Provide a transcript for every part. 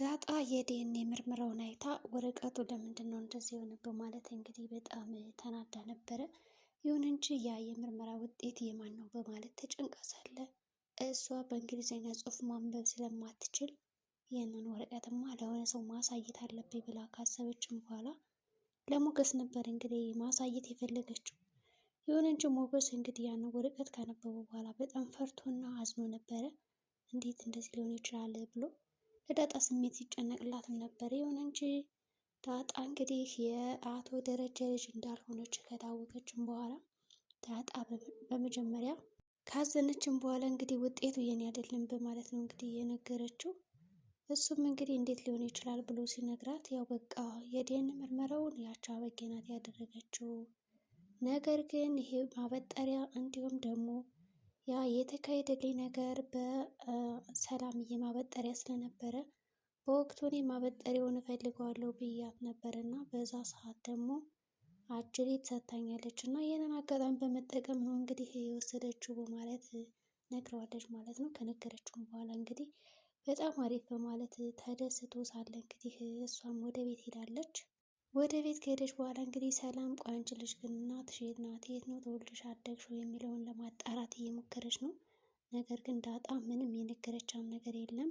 ዳጣ የዲኤንኤ ምርመራውን አይታ ወረቀቱ ለምንድን ነው እንደዚህ የሆነ በማለት እንግዲህ በጣም ተናዳ ነበረ። ይሁን እንጂ ያ የምርመራ ውጤት የማን ነው በማለት ተጨንቃ ሳለ እሷ በእንግሊዝኛ ጽሑፍ ማንበብ ስለማትችል ይህንን ወረቀትማ ለሆነ ሰው ማሳየት አለብኝ ብላ ካሰበችም በኋላ ለሞገስ ነበር እንግዲህ ማሳየት የፈለገችው። ይሁን እንጂ ሞገስ እንግዲህ ያን ወረቀት ካነበበ በኋላ በጣም ፈርቶና አዝኖ ነበረ። እንዴት እንደዚህ ሊሆን ይችላል ብሎ ለዳጣ ስሜት ሲጨነቅላትም ነበር። ይሁን እንጂ ዳጣ እንግዲህ የአቶ ደረጀ ልጅ እንዳልሆነች ከታወቀችም በኋላ ዳጣ በመጀመሪያ ካዘነችም በኋላ እንግዲህ ውጤቱ የኔ አይደለም በማለት ነው እንግዲህ የነገረችው። እሱም እንግዲህ እንዴት ሊሆን ይችላል ብሎ ሲነግራት ያው በቃ የዴን ምርመራውን ያች አበጌ ናት ያደረገችው፣ ነገር ግን ይሄ ማበጠሪያ እንዲሁም ደግሞ ያ የተካሄደልኝ ነገር በሰላም የማበጠሪያ ስለነበረ በወቅቱ እኔ ማበጠሪያውን እፈልገዋለሁ ብያት ነበር እና በዛ ሰዓት ደግሞ አጅሬ ትሰታኛለች እና ይህንን አጋጣሚ በመጠቀም ነው እንግዲህ የወሰደችው በማለት ነግረዋለች ማለት ነው። ከነገረችውም በኋላ እንግዲህ በጣም አሪፍ በማለት ተደስቶ ሳለ እንግዲህ እሷም ወደ ቤት ሄዳለች። ወደ ቤት ከሄደች በኋላ እንግዲህ ሰላም ቆይ ልጅ ግን እናትሽ የት ናት? የት ነው ተወልደሽ አደግሽ የሚለውን ለማጣራት እየሞከረች ነው። ነገር ግን ዳጣ ምንም የነገረቻም ነገር የለም።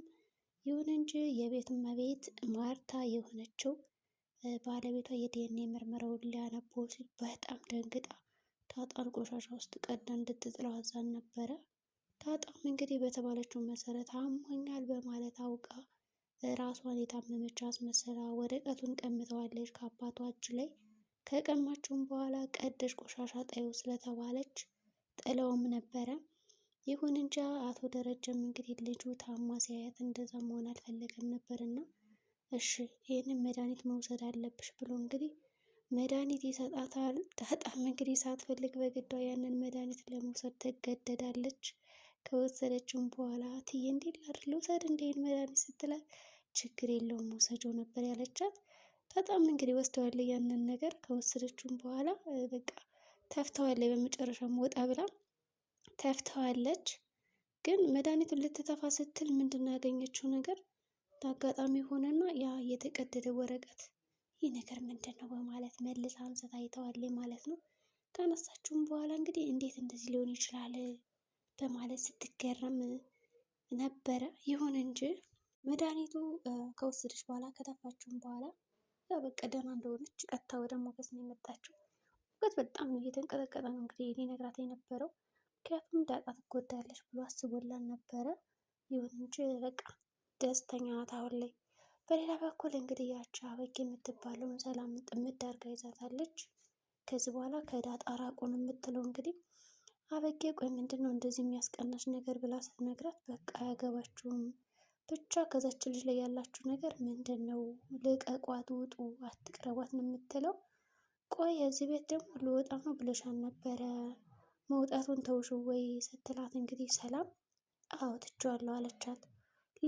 ይሁን እንጂ የቤቱ እመቤት ማርታ የሆነችው ባለቤቷ የዲኤንኤ ምርመራውን ሊያነቡ ሲል በጣም ደንግጣ ዳጣን ቆሻሻ ውስጥ ቀዳ እንድትጥለው አዛን ነበረ። ታጣም እንግዲህ በተባለችው መሰረት አሞኛል በማለት አውቃ ራሷን የታመመች አስመስላ ወረቀቱን ቀምተዋለች ከአባቷ እጅ ላይ። ከቀማችውም በኋላ ቀደሽ ቆሻሻ ጣዩ ስለተባለች ጥለውም ነበረ። ይሁን እንጂ አቶ ደረጀም እንግዲህ ልጁ ታማ ሲያያት እንደዛ መሆን አልፈለገም ነበር እና እሺ ይህንን መድኃኒት መውሰድ አለብሽ ብሎ እንግዲህ መድኃኒት ይሰጣታል። ታጣም እንግዲህ ሳትፈልግ በግዷ ያንን መድኃኒት ለመውሰድ ትገደዳለች። ከወሰደችውም በኋላ ትዬ እንዴት ላድርግ ልውሰድ እንዴት መድኃኒት ስትላት ችግር የለውም መውሰጃው ነበር ያለቻት። በጣም እንግዲህ ወስደዋለ ያንን ነገር ከወሰደችውም በኋላ በቃ ተፍተዋለ። በመጨረሻም ወጣ ብላ ተፍተዋለች። ግን መድኃኒቱን ልትተፋ ስትል ምንድን ነው ያገኘችው ነገር አጋጣሚ ሆነና ያ የተቀደደ ወረቀት ይህ ነገር ምንድን ነው በማለት መልሳ አንስታ አይተዋለች ማለት ነው። ከነሳችውም በኋላ እንግዲህ እንዴት እንደዚህ ሊሆን ይችላል በማለት ስትገረም ነበረ። ይሁን እንጂ መድኃኒቱ ከወሰደች በኋላ ከተፋችሁም በኋላ ያው በቃ ደህና እንደሆነች ቀጥታ ወደ ሞገስ ነው የመጣችው። ሞገስ በጣም እየተንቀጠቀጠ ነው እንግዲህ ሊነግራት የነበረው ምክንያቱም ዳጣ ትጎዳለች ብሎ አስቦላን ነበረ። ይሁን እንጂ በቃ ደስተኛ ናት አሁን ላይ። በሌላ በኩል እንግዲህ ያቺ አበጌ የምትባለውን ሰላም ጥምድ አድርጋ ይዛታለች። ከዚህ በኋላ ከዳጣ ራቁን የምትለው እንግዲህ አበጌ ቆይ ምንድን ነው እንደዚህ የሚያስቀናሽ ነገር ብላ ስትነግራት በቃ አያገባችሁም ብቻ ከዛች ልጅ ላይ ያላችሁ ነገር ምንድን ነው? ልቀቋት፣ ውጡ፣ አትቅረቧት ነው የምትለው። ቆይ እዚህ ቤት ደግሞ ልወጣ ነው ብለሻን ነበረ መውጣቱን ተውሽ ወይ ስትላት፣ እንግዲህ ሰላም አዎ ትቼዋለሁ አለቻት።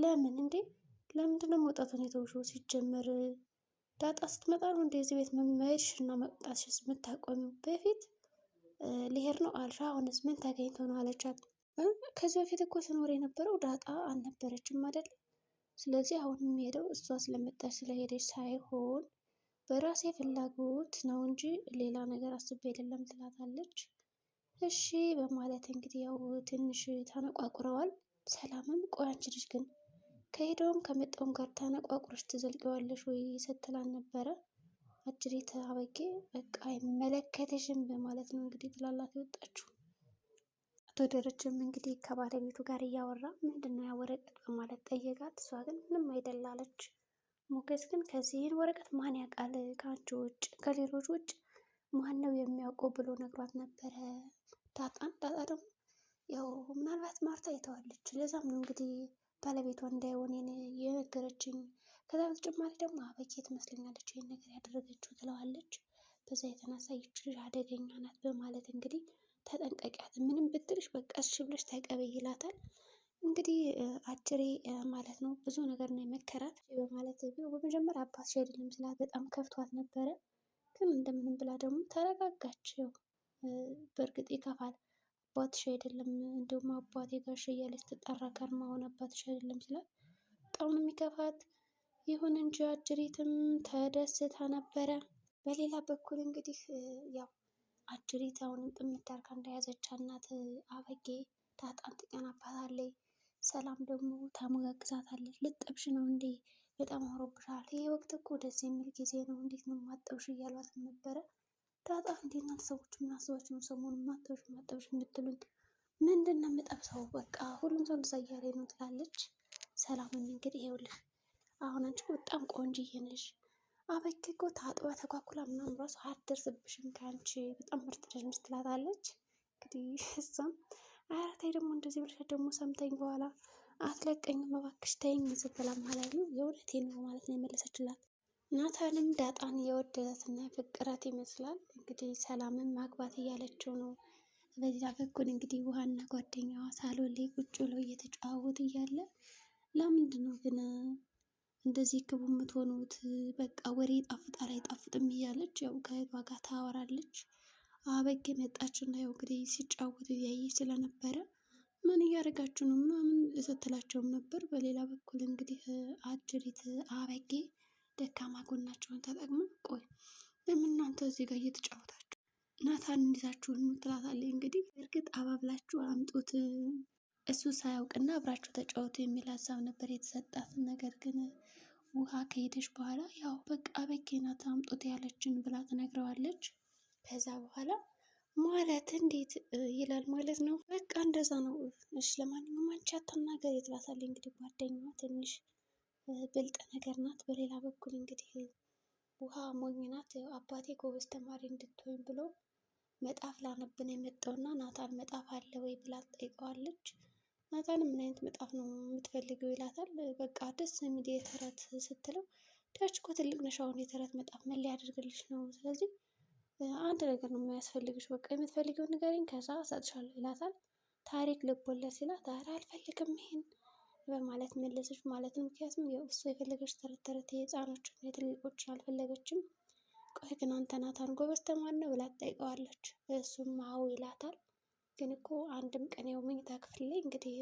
ለምን እንዴ? ለምንድን ነው መውጣቱን የተውሽው? ሲጀመር ዳጣ ስትመጣ ነው እንደ እዚህ ቤት መመሄድሽ እና መውጣትሽ የምታቆሚው? በፊት ልሄድ ነው አልሽ፣ አሁንስ ምን ተገኝቶ ነው አለቻት። ከዚህ በፊት እኮ ስኖር የነበረው ዳጣ አልነበረችም አይደለም። ስለዚህ አሁን የሚሄደው እሷ ስለመጣች ስለሄደች ሳይሆን በራሴ ፍላጎት ነው እንጂ ሌላ ነገር አስቤ አይደለም ትላታለች። እሺ በማለት እንግዲህ ያው ትንሽ ታነቋቁረዋል። ሰላምም ቆይ አንቺ ልጅ ግን ከሄደውም ከመጣውም ጋር ታነቋቁረሽ ትዘልቀዋለሽ ወይ ስትላል ነበረ። አጅሬ ተአበጌ በቃ አይመለከትሽም በማለት ነው እንግዲህ ትላላት የወጣችው። አቶ ደረጀም እንግዲህ ከባለቤቱ ጋር እያወራ ምንድነው ያ ወረቀት በማለት ጠየቃት። እሷ ግን ምንም አይደል አለች። ሞገስ ግን ከዚህን ወረቀት ማን ያውቃል ከአንቺ ውጭ ከሌሎች ውጭ ማን ነው የሚያውቀው ብሎ ነግሯት ነበረ ዳጣን። ዳጣ ደግሞ ያው ምናልባት ማርታ አይተዋለች። ለዛም ነው እንግዲህ ባለቤቷ እንዳይሆን የነገረችኝ። ከዛ በተጨማሪ ደግሞ አበጌ ትመስለኛለች ይህን ነገር ያደረገችው ትለዋለች። በዛ የተነሳ ይች ልጅ አደገኛ ናት በማለት እንግዲህ ተጠንቀቂያት፣ ምንም ብትልሽ በቃ እሺ ብለሽ ተቀበይ ይላታል። እንግዲህ አጭሬ ማለት ነው ብዙ ነገር ነው የመከራት በማለት በመጀመሪያ አባትሽ አይደለም ስላት በጣም ከፍቷት ነበረ። ግን እንደምንም ብላ ደግሞ ተረጋጋች። በእርግጥ ይከፋል። አባትሽ አይደለም እንዲሁም አባቴ ጋሽ እያለች ስትጠራ ከርማ ሆነ አባትሽ አይደለም ስላት በጣም ነው የሚከፋት። ይሁን እንጂ አጅሪትም ተደስታ ነበረ። በሌላ በኩል እንግዲህ ያው አጅሪት አሁንም ጥምት አርጋ እንደያዘች እናት አበጌ ዳጣን ትቀናባታለች። ሰላም ደግሞ ታሞጋግዛታለች። ልጠብሽ ነው እንዴ? በጣም አምሮብሻል። ይሄ ወቅት እኮ ደስ የሚል ጊዜ ነው። እንዴት ነው ማጠብሽ? እያሏት ነበረ። ዳጣ እንዴት ሰዎች ምን አስባችሁ ነው ሰሞኑን ማጠብሽ ማጠብሽ የምትሉኝ? ምንድን ነው የምጠብሰው? በቃ ሁሉም ሰው እንደዛ እያለኝ ነው ትላለች። ሰላምን እንግዲህ ይኸውልሽ አሁን አንቺ በጣም ቆንጆዬ ነሽ አበክኮ ታጥባ ተኳኩላ ምናምን ራሱ አትደርስብሽም ከአንቺ በጣም ምርጥ ነሽ ትላታለች። እንግዲህ እሷም አያራታይ ደግሞ እንደዚህ ብለሽ ደግሞ ሰምተኝ በኋላ አትለቀኝም እባክሽ ተይኝ ስትላ ማለት ነው የእውነቴን ነው ማለት ነው የመለሰችላት። ናታንም ዳጣን የወደዳትና የፈቀራት ይመስላል። እንግዲህ ሰላምን ማግባት እያለችው ነው። በዛ በኩል እንግዲህ ውሃና ጓደኛዋ ሳሎን ላይ ቁጭ ብለው እየተጫወቱ እያለ ለምንድን ነው ግን እንደዚህ ክቡ የምትሆኑት በቃ ወሬ ጣፍጣል አይጣፍጥም እያለች ያው ከእህቷ ጋር ታወራለች። አበጌ መጣች እና ያው እንግዲህ ሲጫወቱ እያየች ስለነበረ ምን እያደረጋችሁ ነው ምናምን ስትላቸውም ነበር። በሌላ በኩል እንግዲህ አጅሪት አበጌ ደካማ ጎናቸውን ተጠቅሞ ቆይ ለምን እናንተ እዚህ ጋር እየተጫወታችሁ ናታን እንዲዛችሁን ትላታለች። እንግዲህ እርግጥ አባብላችሁ አምጡት እሱ ሳያውቅና አብራችሁ ተጫወቱ የሚል ሀሳብ ነበር የተሰጣት ነገር ግን ውሃ ከሄደች በኋላ ያው በቃ በኬናት አምጦት ያለችን ብላ ትነግረዋለች። ከዛ በኋላ ማለት እንዴት ይላል ማለት ነው። በቃ እንደዛ ነው። እሺ ለማንኛውም አንቺ አትናገሪ ትላታለች። እንግዲህ ጓደኛዋ ትንሽ ብልጥ ነገር ናት። በሌላ በኩል እንግዲህ ውሃ ሞኝ ናት። አባቴ ጎበዝ ተማሪ እንድትሆን ብሎ መጣፍ ላነብን የመጣውና ናታን መጣፍ አለ ወይ ብላ ትጠይቀዋለች። ናታን ምን አይነት መጣፍ ነው የምትፈልገው ይላታል። በቃ ደስ የሚል የተረት ስትለው ዳች እኮ ትልቅ ነሽ፣ አሁን የተረት መጣፍ ምን ሊያደርግልሽ ነው? ስለዚህ አንድ ነገር ነው የሚያስፈልግሽ፣ በቃ የምትፈልገው ንገሪኝ፣ ከዛ እሰጥሻለሁ ይላታል። ታሪክ ልቦለድ ሲላት ኧረ አልፈልግም ይሄን በማለት መለሰች ማለት ነው። ምክንያቱም እሱ የፈለገች ተረት ተረት የህፃኖችን የትልቆችን አልፈለገችም። ቆይ ግን አንተ ናታን ጎበዝ ተማሪ ነው ብላ ትጠይቀዋለች። እሱም አዎ ይላታል። ግን እኮ አንድም ቀን ያው መኝታ ክፍል ላይ እንግዲህ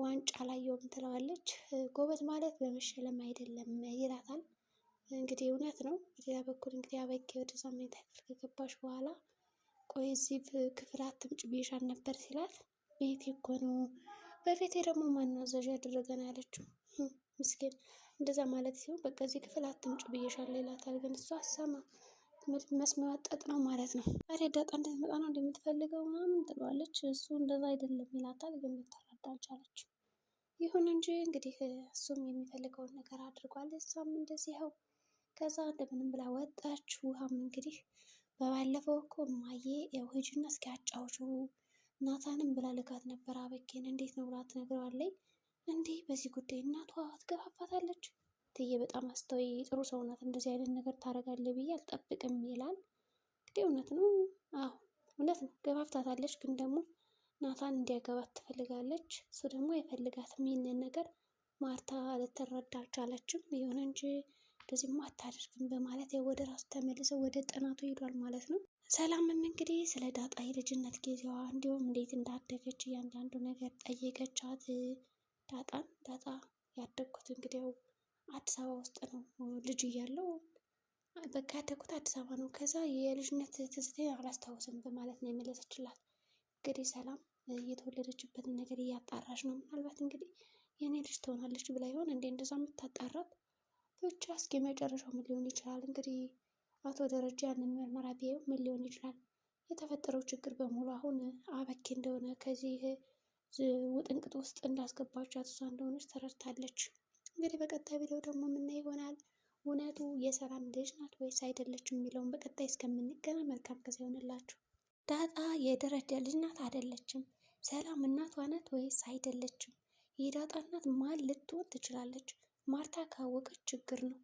ዋንጫ አላየውም ትለዋለች። ጎበዝ ማለት በመሸለም አይደለም ይላታል። እንግዲህ እውነት ነው። በሌላ በኩል እንግዲህ አበጌ ወደዛ መኝታ ክፍል ከገባች በኋላ ቆይ እዚህ ክፍል አትምጭ ብዬሻል ነበር ሲላት ቤቴ እኮ ነው በቤቴ ደግሞ ማናዘዣ ያደረገ ነው ያለችው። ምስኪን እንደዛ ማለት ሲሆን በቃ እዚህ ክፍል አትምጭ ብዬሻለሁ ይላታል። ግን እሷ አሰማ መስመጠጥ ነው ማለት ነው። ታዲያ ዳጣ እንድትመጣ ነው እንደምትፈልገው ምናምን ትለዋለች። እሱ እንደዛ አይደለም ይላታል፣ ግን ልትረዳ አልቻለችም። ይሁን እንጂ እንግዲህ እሱም የሚፈልገውን ነገር አድርጓል። እሷም እንደዚያው። ከዛ እንደምንም ብላ ወጣች። ውሃም እንግዲህ በባለፈው እኮ እማዬ ያው ሂጂና እስኪ አጫውችው ናታንም ብላ ልጋት ነበር። አበጌን እንዴት ነው ብላ ትነግረዋለች። እንዲህ በዚህ ጉዳይ እናቷ ትገፋፋታለች። ትዬ በጣም አስተዋይ ጥሩ ሰው ናት፣ እንደዚህ አይነት ነገር ታደርጋለህ ብዬ አልጠብቅም ይላል። እንግዲህ እውነት ነው። አዎ እውነት ነው። ገፋፍታታለች፣ ግን ደግሞ ናታን እንዲያገባት ትፈልጋለች። እሱ ደግሞ አይፈልጋትም። ይህንን ነገር ማርታ ልትረዳ አልቻለችም። ይሁን እንጂ እንደዚህማ አታደርግም በማለት ያው ወደ ራሱ ተመልሶ ወደ ጥናቱ ሄዷል ማለት ነው። ሰላምም እንግዲህ ስለ ዳጣ የልጅነት ጊዜዋ እንዲሁም እንዴት እንዳደገች እያንዳንዱ ነገር ጠየቀቻት። ዳጣን ዳጣ ያደግኩት እንግዲህ ያው አዲስ አበባ ውስጥ ነው ልጅ እያለው በቃ ያደኩት አዲስ አበባ ነው። ከዛ የልጅነት ትዝታዬን አላስታውስም በማለት ነው የመለሰችላት። እንግዲህ ሰላም የተወለደችበትን ነገር እያጣራች ነው። ምናልባት እንግዲህ የእኔ ልጅ ትሆናለች ብላ ይሆን እንዴ እንደዛ የምታጣራት ብቻ። እስኪ መጨረሻው ምን ሊሆን ይችላል? እንግዲህ አቶ ደረጃ ያንን ምርመራ ቢያየው ምን ሊሆን ይችላል? የተፈጠረው ችግር በሙሉ አሁን አበኬ እንደሆነ ከዚህ ውጥንቅጥ ውስጥ እንዳስገባቻት እሷ እንደሆነች ተረድታለች። እንግዲህ በቀጣይ ቪዲዮ ደግሞ የምናየው ይሆናል እውነቱ የሰላም ልጅ ናት ወይስ አይደለችም የሚለውን በቀጣይ እስከምንገናኝ መልካም ጊዜ ይሆንላችሁ። ዳጣ የደረጀ ልጅ ናት አይደለችም? ሰላም እናቷ ናት ወይስ አይደለችም? የዳጣ እናት ማን ልትሆን ትችላለች? ማርታ ካወቀች ችግር ነው።